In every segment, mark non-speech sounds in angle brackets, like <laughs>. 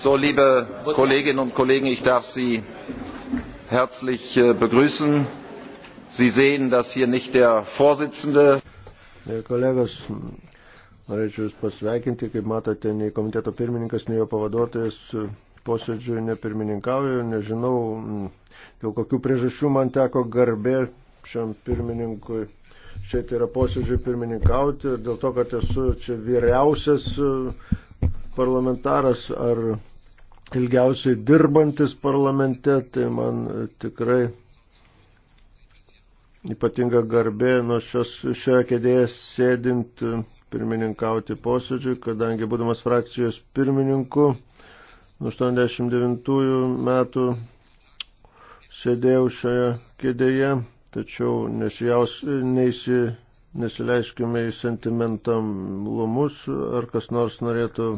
So, liebe Kolleginnen und Kollegen, ich darf Sie herzlich äh, begrüßen. Sie sehen, dass hier nicht der Vorsitzende. Ja, kolegos, norėčiau Jūs pasveikinti, kaip matote, nei komiteto pirmininkas, nei jo pavaduotojas posėdžiui nepirmininkauju, nežinau, mm, dėl kokių priežasčių man teko garbė šiam pirmininkui čia tai yra posėdžiui pirmininkauti, dėl to, kad esu čia vyriausias mm, parlamentaras ar ilgiausiai dirbantis parlamente, tai man tikrai ypatinga garbė nuo šios, šioje kėdėje sėdint pirmininkauti posėdžiui, kadangi būdamas frakcijos pirmininku nuo 89 metų sėdėjau šioje kėdėje, tačiau nesijaus, neįsi, nesileiskime į sentimentalumus, ar kas nors norėtų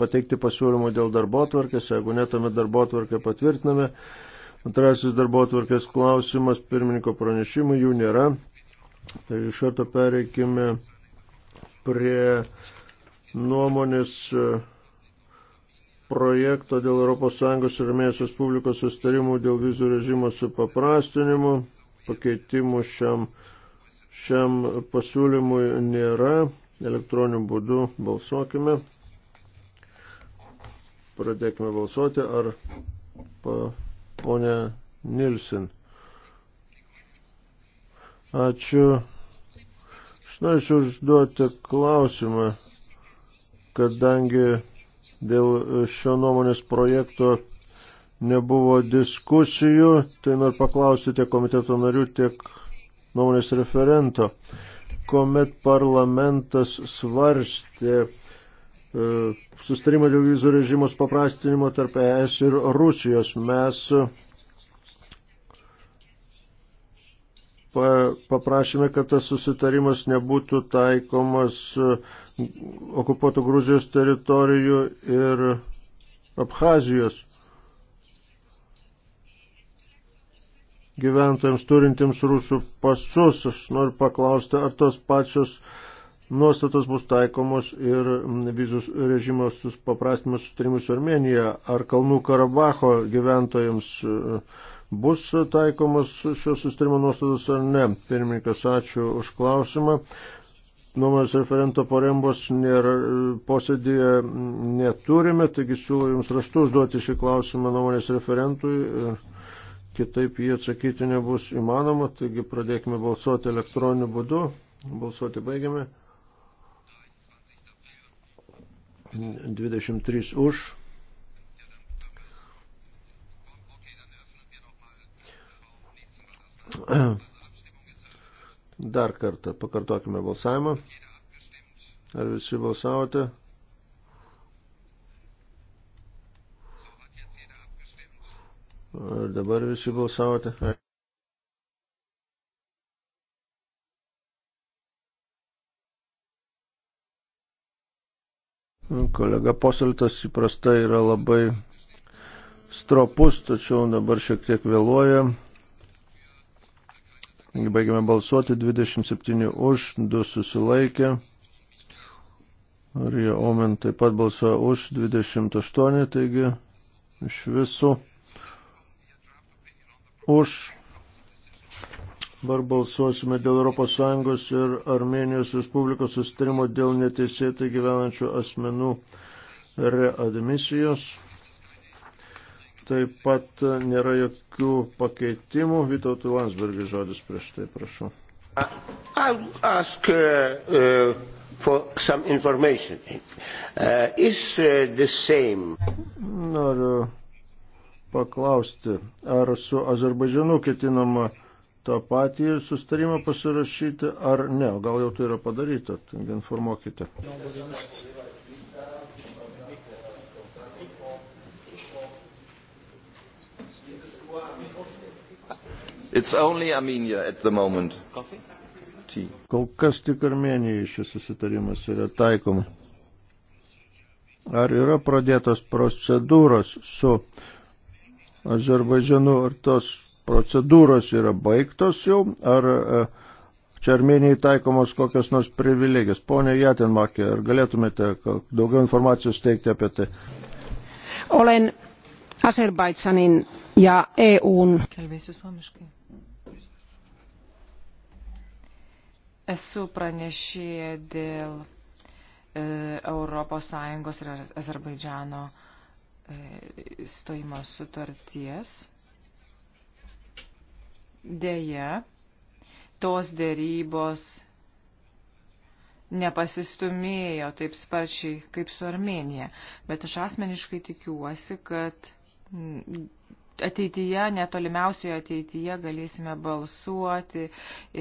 pateikti pasiūlymų dėl darbo tvarkės, jeigu netame darbo tvarkę patvirtiname. Antrasis darbo tvarkės klausimas, pirmininko pranešimų jų nėra. Tai iš karto pereikime prie nuomonės e, projekto dėl ES ir Armėjos Respublikos sustarimų dėl vizų režimo supaprastinimu. Pakeitimų šiam, šiam pasiūlymui nėra. Elektroniniu būdu balsuokime. Pradėkime balsuoti. Ar pa, ponė Nilsen? Ačiū. Aš norėčiau užduoti klausimą, kadangi dėl šio nuomonės projekto nebuvo diskusijų, tai noriu paklausti tiek komiteto narių, tiek nuomonės referento, kuomet parlamentas svarstė E, sustarimą dėl vizų režimos paprastinimo tarp ES ir Rusijos. Mes paprašėme, kad tas susitarimas nebūtų taikomas e, okupuotų Gruzijos teritorijų ir Abhazijos gyventojams turintiems rusų pasus. Aš noriu paklausti, ar tos pačios uh, nuostatos bus taikomos ir vizos režimo supaprastymas sutarimus su Armenija ar Kalnų Karabacho gyventojams e, bus taikomos šios sustarimo nuostatos ar ne. Pirmininkas, ačiū už klausimą. Nuomonės referento parembos nėra, e, posėdėje neturime, taigi siūlau Jums raštu užduoti šį klausimą nuomonės referentui ir kitaip jį atsakyti nebus įmanoma, taigi pradėkime balsuoti elektroniniu būdu. Balsuoti baigiame. 23 už. Dar kartą pakartokime balsavimą. Ar visi balsavote? Ar dabar visi balsavote? Kolega Poseltas įprastai yra labai stropus, tačiau dabar šiek tiek vėluoja. Baigiame balsuoti 27 už, 2 susilaikė. Rija Omen taip pat balsuoja už 28, taigi iš visų už Dabar balsuosime dėl ES ir Armenijos Respublikos sustarimo dėl neteisėtai gyvenančių asmenų readmisijos. Taip pat nėra jokių pakeitimų. Vytautų Landsbergis žodis prieš tai, prašau. Ask, uh, uh, uh, uh Noriu paklausti, ar su Azerbaidžianu ketinama uh, tą patį sustarimą pasirašyti ar ne? Gal jau tai yra padaryta, taigi informuokite. It's only Armenia at the moment. Coffee? Tea. Kol kas tik Armenijai šis susitarimas yra taikoma. Ar yra pradėtos procedūros su Azerbaidžianu, ar tos procedūros yra baigtos jau, ar e, čia Armenijai taikomos kokios nors privilegijos. Pone Jatinmakė, ar galėtumėte daugiau informacijos teikti apie tai? Olen Azerbaidžanin ja EUn. Kalbėsiu suomiškai. Esu pranešėję dėl e, ES ir Azerbaidžano e, stojimo sutarties. Deja, tos dėrybos nepasistumėjo taip sparčiai kaip su Armenija, bet aš asmeniškai tikiuosi, kad ateityje, netolimiausioje ateityje galėsime balsuoti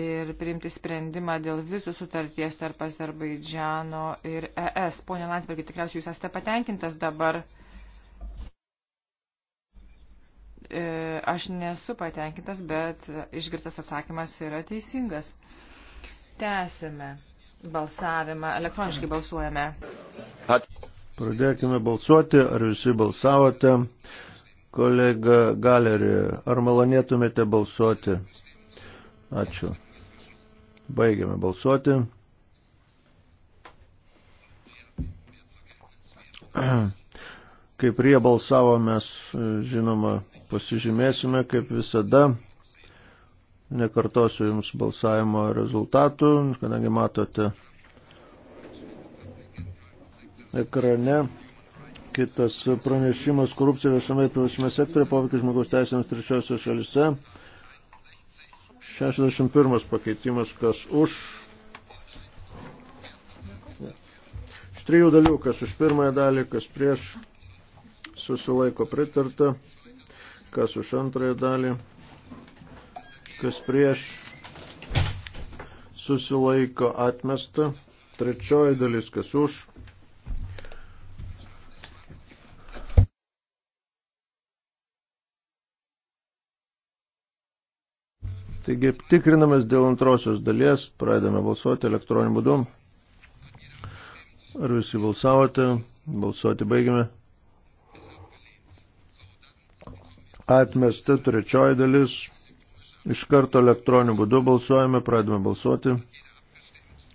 ir priimti sprendimą dėl visų sutarties tarp Azerbaidžiano ir ES. Pone Landsbergi, tikriausiai jūs esate patenkintas dabar E, aš nesu patenkintas, bet išgirtas atsakymas yra teisingas. Tęsime balsavimą, elektroniškai balsuojame. Pradėkime balsuoti, ar visi balsavote. Kolega Galerį, ar malonėtumėte balsuoti? Ačiū. Baigiame balsuoti. Kai prie balsavo, mes, žinoma, pasižymėsime, kaip visada. Nekartosiu Jums balsavimo rezultatų, kadangi matote ekrane. Kitas pranešimas korupcija viešame ir privačiame sektorė poveikia žmogaus teisėms trečiosios šalise. 61 pakeitimas, kas už. Iš trijų dalių, kas už pirmąją dalį, kas prieš susilaiko pritarta kas už antrąją dalį, kas prieš susilaiko atmesta, trečioji dalis, kas už. Taigi tikrinamės dėl antrosios dalies, pradedame balsuoti elektroniniu būdu. Ar visi balsavote? Balsuoti baigime. atmesta trečioji dalis. Iš karto elektroniniu būdu balsuojame, pradėme balsuoti.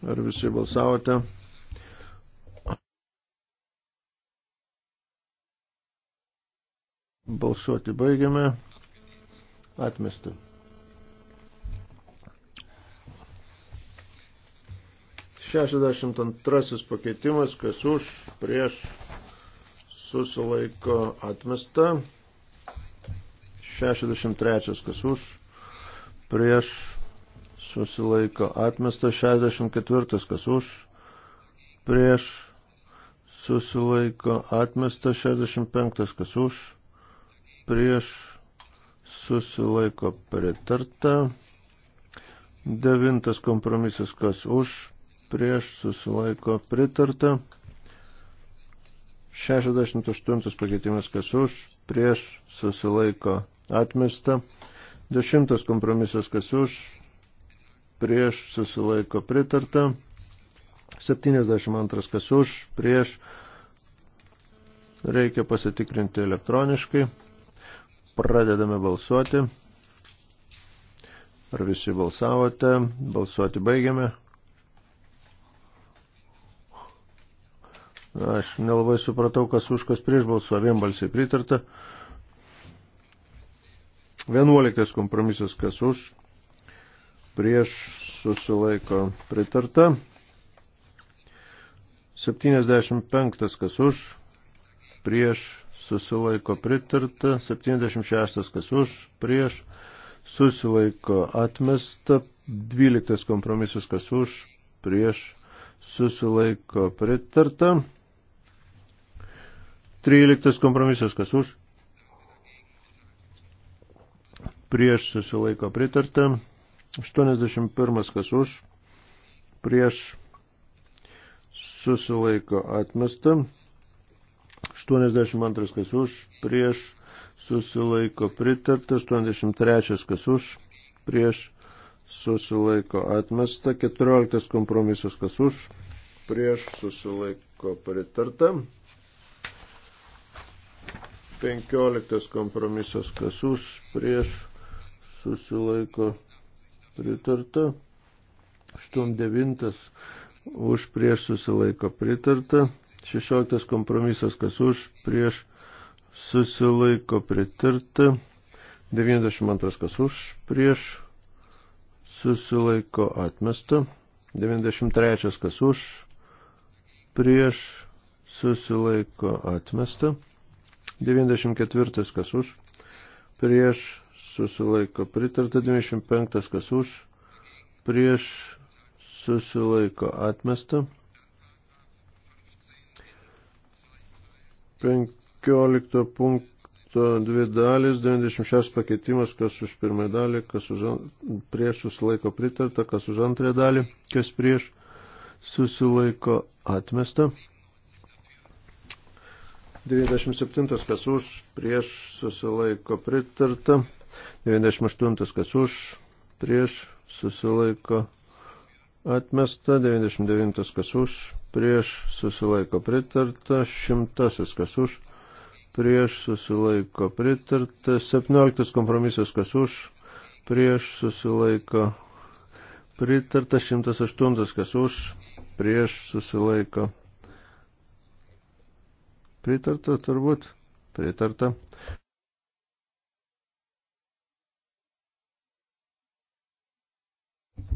Ar visi balsavote? Balsuoti baigiame. Atmesta. Šešiasdešimt antrasis pakeitimas, kas už, prieš, susilaiko atmesta. 63 kas už, prieš susilaiko atmestas 64 kas už, prieš susilaiko atmestas 65 kas už, prieš susilaiko pritarta. Devintas kompromisas kas už, prieš susilaiko pritarta. 68 pakeitimas kas už, prieš susilaiko atmesta. Dešimtas kompromisas, kas už, prieš, susilaiko pritarta. 72, kas už, prieš, reikia pasitikrinti elektroniškai. Pradedame balsuoti. Ar visi balsavote? Balsuoti baigiame. Aš nelabai supratau, kas už, kas prieš balsuo. Vienbalsiai pritarta. pritarta. 11 kompromisas, kas už, prieš susilaiko pritarta. 75 kas už, prieš susilaiko pritarta. 76 kas už, prieš susilaiko atmesta. 12 kompromisas kas už, prieš susilaiko pritarta. 13 kompromisas kas už, prieš susilaiko pritarta, 81 kas už, prieš susilaiko atmesta, 82 kas už, prieš susilaiko pritarta, 83 kas už, prieš susilaiko atmesta, 14 kompromisas kas už, prieš susilaiko pritarta. 15 kompromisas kas už, prieš susilaiko pritarta. 89 už prieš susilaiko pritarta. 16 kompromisas, kas už prieš susilaiko pritarta. 92 kas už prieš susilaiko atmesta. 93 kas už prieš susilaiko atmesta. 94 kas už prieš susilaiko pritarta, 95 kas už, prieš susilaiko atmesta. 15 punkto dvi dalis, 96 pakeitimas, kas už pirmąją dalį, kas už prieš susilaiko pritarta, kas už antrąją dalį, kas prieš susilaiko atmesta. 97 kas už prieš susilaiko pritarta. 98 kas už, prieš, susilaiko atmesta, 99 kas už, prieš, susilaiko pritarta, 100 kas už, prieš, susilaiko pritarta, 17 kompromisas kas už, prieš, susilaiko pritarta, 108 kas už, prieš, susilaiko pritarta turbūt, pritarta.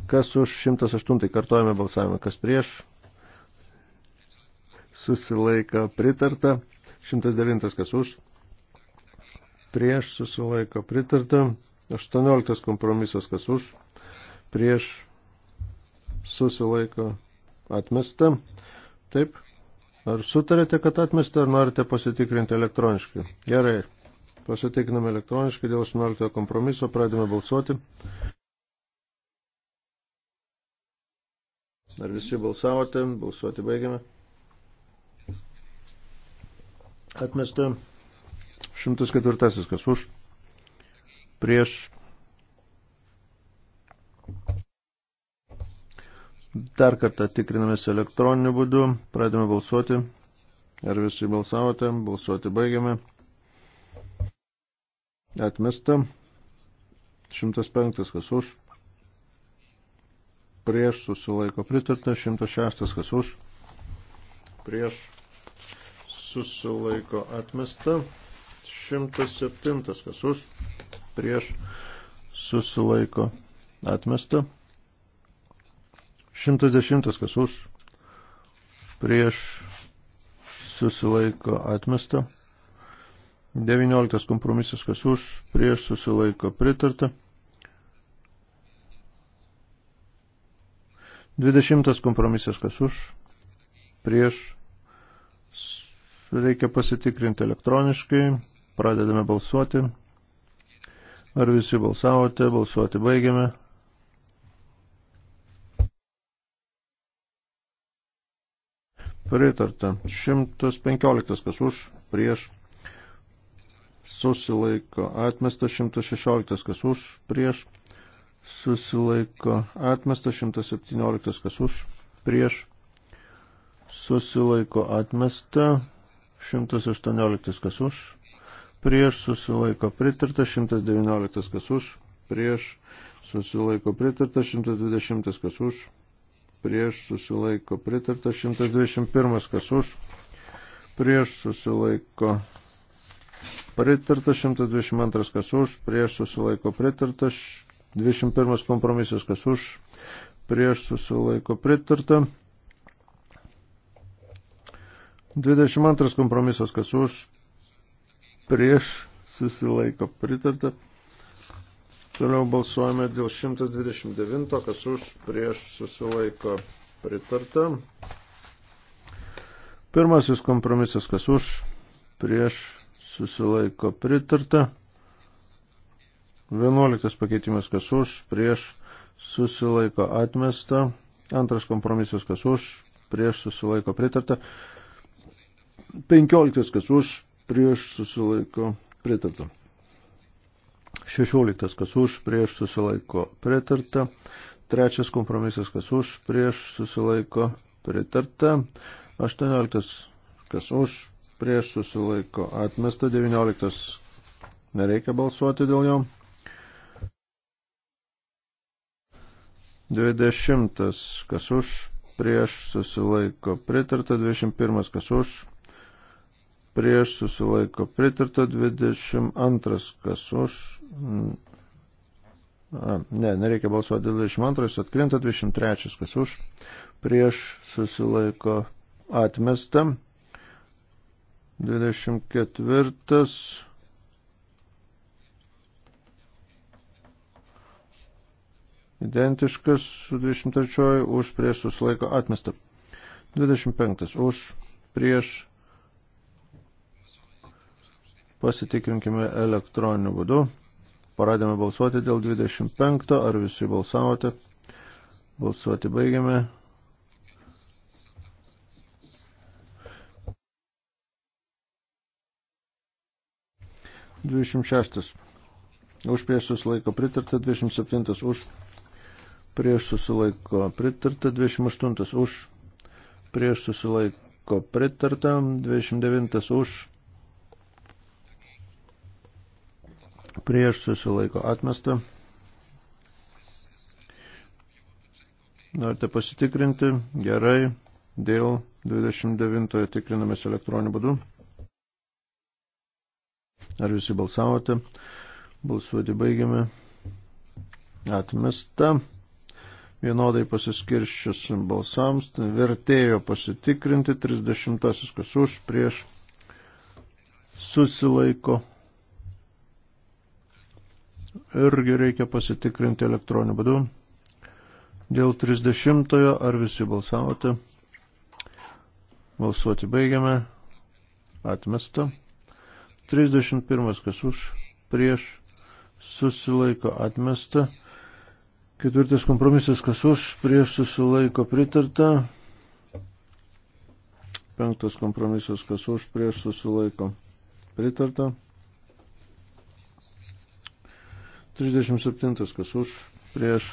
Kas už 108 kartojame balsavimą, kas prieš? Susilaiko pritarta. 109 kas už? Prieš susilaiko pritarta. 18 kompromisas kas už? Prieš susilaiko atmesta. Taip. Ar sutarėte, kad atmesta, ar norite pasitikrinti elektroniškai? Gerai. Pasitikriname elektroniškai dėl 18 kompromiso, pradėme balsuoti. Ar visi balsavote? Balsuoti baigiame. Atmesta 104. Kas už? Prieš. Dar kartą tikrinamės elektroniniu būdu. Pradėme balsuoti. Ar visi balsavote? Balsuoti baigiame. Atmesta. 105. Kas už? prieš susilaiko pritarta, 106 kas už, prieš susilaiko atmesta, 107 kas už, prieš susilaiko atmesta, 110 kas už, prieš susilaiko atmesta, 19 kompromisas kas už, prieš susilaiko pritarta. 20 kompromisas kas už, prieš, reikia pasitikrinti elektroniškai, pradedame balsuoti. Ar visi balsavote, balsuoti baigiame. Pritarta. 115 kas už, prieš, susilaiko. Atmesta 116 kas už, prieš, susilaiko atmesta 117, kas už, prieš susilaiko atmesta 118, kas už, prieš susilaiko pritarta 119, kas už, prieš susilaiko pritarta 120, kas už, prieš susilaiko pritarta 121, kas už, prieš susilaiko pritarta 122, kas už, prieš susilaiko pritarta 21 kompromisas, kas už, prieš susilaiko pritarta. 22 kompromisas, kas už, prieš susilaiko pritarta. Toliau balsuojame dėl 129, kas už, prieš susilaiko pritarta. Pirmasis kompromisas, kas už, prieš susilaiko pritarta. 11 pakeitimas kas už, prieš susilaiko atmesta. Antras kompromisas kas už, prieš susilaiko pritarta. 15 kas už, prieš susilaiko pritarta. 16 kas už, prieš susilaiko pritarta. Trečias kompromisas kas už, prieš susilaiko pritarta. 18 kas už, prieš susilaiko atmesta. 19 nereikia balsuoti dėl jo. 20. Kas už, prieš susilaiko pritarta. 21. Kas už, prieš susilaiko pritarta. 22. Kas už. A, ne, nereikia balsuoti dėl 22. Atkrinta 23. Kas už, prieš susilaiko atmesta. 24 Identiškas su 23 už prieš susilaiko atmesta. 25 už prieš pasitikrinkime elektroniniu būdu. Paradėme balsuoti dėl 25, ar visi balsavote. Balsuoti baigiame. Dvidešimt šeštas. Už prieš susilaiko pritarta, 27 už prieš susilaiko pritarta, 28 už, prieš susilaiko pritarta, 29 už, prieš susilaiko atmesta. Norite pasitikrinti? Gerai. Dėl 29 tikrinamės elektroniniu būdu. Ar visi balsavote? Balsuoti baigiame. Atmesta vienodai pasiskirščius balsams, tai vertėjo pasitikrinti 30, kas už, prieš, susilaiko. Irgi reikia pasitikrinti elektroniniu būdu. Dėl 30 ar visi balsavote? Balsuoti baigiame. Atmesta. 31 kas už, prieš, susilaiko atmesta. Ketvirtas kompromisas, kas už, prieš susilaiko pritarta. Penktas kompromisas, kas už, prieš susilaiko pritarta. 37, kas už, prieš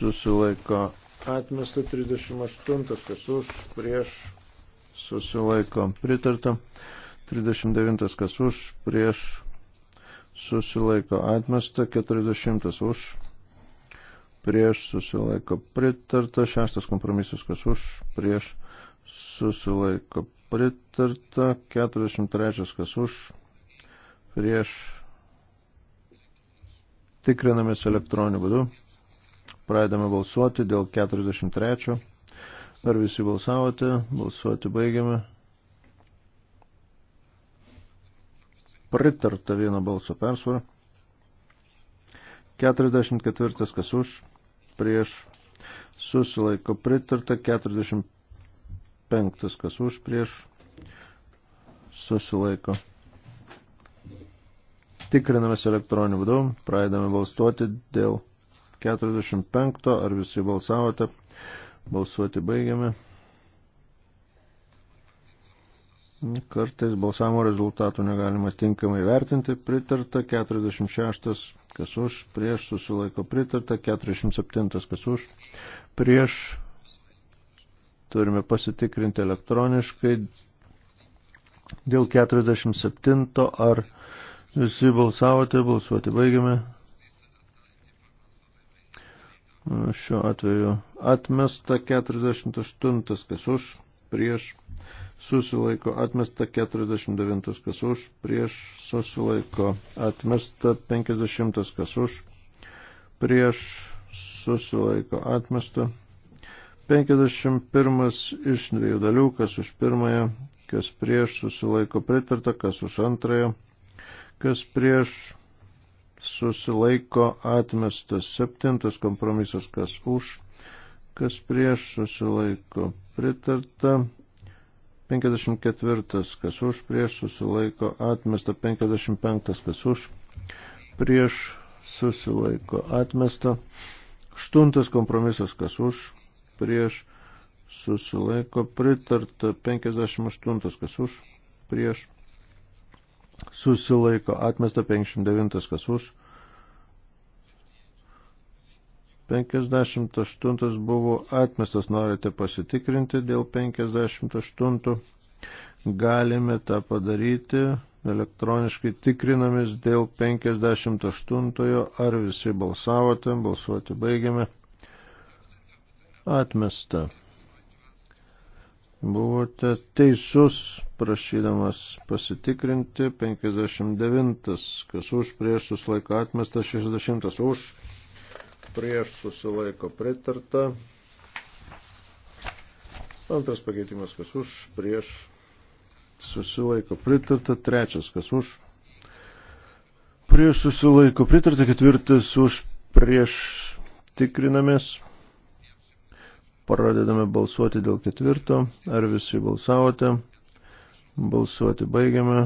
susilaiko atmesta. 38, kas už, prieš susilaiko pritarta. 39, kas už, prieš susilaiko atmesta. 40, už prieš susilaiko pritarta, šeštas kompromisas, kas už, prieš susilaiko pritarta, 43 kas už, prieš tikrinamės elektroniniu būdu, pradedame balsuoti dėl 43, ar visi balsavote, balsuoti baigiame. Pritarta vieno balso persvarą. 44 kas už, prieš susilaiko pritarta, 45 kas už prieš susilaiko. Tikrinamės elektroniniu būdu, pradedame balsuoti dėl 45, ar visi balsavote, balsuoti baigiame. Kartais balsavimo rezultatų negalima tinkamai vertinti. Pritarta 46, kas už, prieš susilaiko pritarta, 47, kas už, prieš. Turime pasitikrinti elektroniškai dėl 47 ar visi balsavote, balsuoti baigiame. Šiuo atveju atmesta 48, kas už, prieš susilaiko atmesta 49 kas už, prieš susilaiko atmesta 50 kas už, prieš susilaiko atmesta 51 iš dviejų dalių, kas už pirmąją, kas prieš susilaiko pritarta, kas už antrąją, kas prieš susilaiko atmestas septintas kompromisas, kas už, kas prieš susilaiko pritarta 54 kas už, prieš susilaiko atmesta, 55 kas už, prieš susilaiko atmesta, 8 kompromisas kas už, prieš susilaiko pritarta, 58 kas už, prieš susilaiko atmesta, 59 kas už, 58 buvo atmestas, norite pasitikrinti dėl 58. Galime tą padaryti, elektroniškai tikrinamis dėl 58. Ar visi balsavote, balsuoti baigiame. Atmesta. Buvote teisus, prašydamas pasitikrinti 59. Kas už prieš suslaiką atmestas 60. Už prieš susilaiko pritarta. Antras pakeitimas, kas už, prieš susilaiko pritarta. Trečias, kas už, prieš susilaiko pritarta. Ketvirtas, už, prieš tikrinamės. Pradedame balsuoti dėl ketvirto. Ar visi balsavote? Balsuoti baigiame.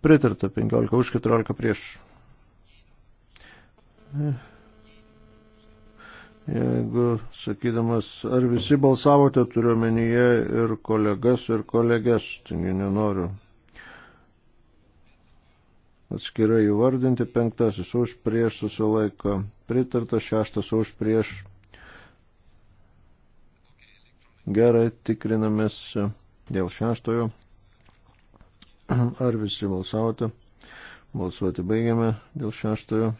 Pritarta 15 už 14 prieš. Jeigu sakydamas, ar visi balsavote, turiu menyje ir kolegas, ir kolegės, taigi nenoriu atskirai įvardinti, penktasis už prieš susilaiko pritarta, šeštas už prieš. Gerai, tikrinamės dėl šeštojo. Ar visi balsavote? Balsuoti baigiame dėl šeštojo.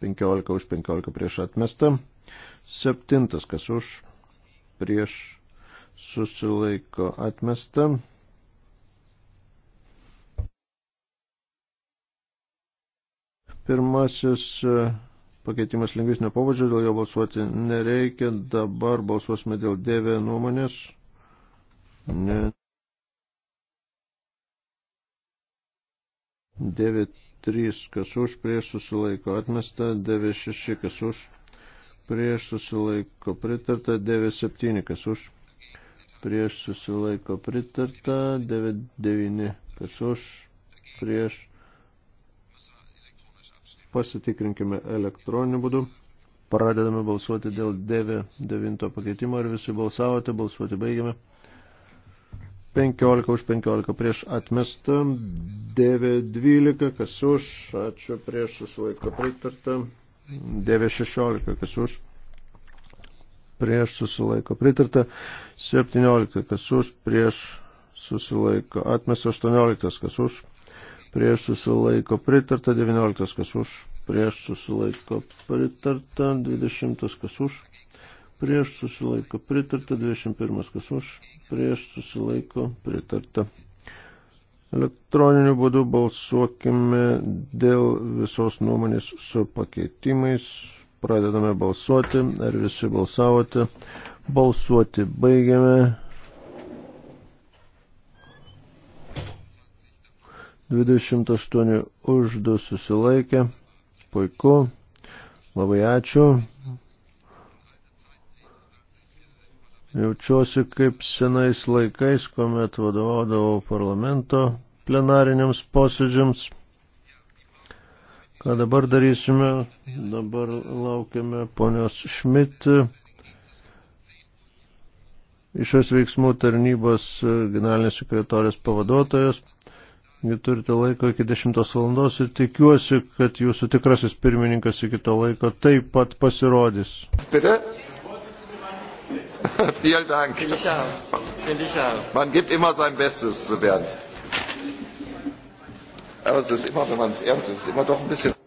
15 už 15 prieš atmestą. Septintas, kas už prieš susilaiko atmestą. Pirmasis e, pakeitimas lingvisnio pobūdžio, dėl jo balsuoti nereikia. Dabar balsuosime dėl dėvė nuomonės. Ne. 9.3, kas už prieš susilaiko atmesta, 9.6, kas už prieš susilaiko pritarta, 9.7, kas už prieš susilaiko pritarta, 9.9, kas už prieš pasitikrinkime elektroniniu būdu. Pradedame balsuoti dėl 9 pakeitimo ir visi balsavote, balsuoti baigiame. 15 už 15 prieš atmestą, 9.12, kas už, ačiū prieš susilaiko pritartą, 9.16, kas už, prieš susilaiko pritartą, 17, kas už, prieš susilaiko atmestą, 18, kas už, prieš susilaiko pritartą, 19, kas už, prieš susilaiko pritartą, 20, kas už, prieš susilaiko pritarta, 21 kas už, prieš susilaiko pritarta. Elektroniniu būdu balsuokime dėl visos nuomonės su pakeitimais. Pradedame balsuoti, ar visi balsavote. Balsuoti baigiame. 28 už 2 susilaikė. Puiku. Labai ačiū. Jaučiuosi kaip senais laikais, kuomet vadovaudavau parlamento plenariniams posėdžiams. Ką dabar darysime? Dabar laukiame ponios Šmit, išos veiksmų tarnybos generalinės sekretorės pavaduotojas. Jei turite laiko iki 10 valandos ir tikiuosi, kad jūsų tikrasis pirmininkas iki to laiko taip pat pasirodys. Pite? <laughs> Vielen Dank. Will ich auch. Will ich auch. Man gibt immer sein Bestes zu werden. Aber es ist immer, wenn man es ernst nimmt, ist immer doch ein bisschen.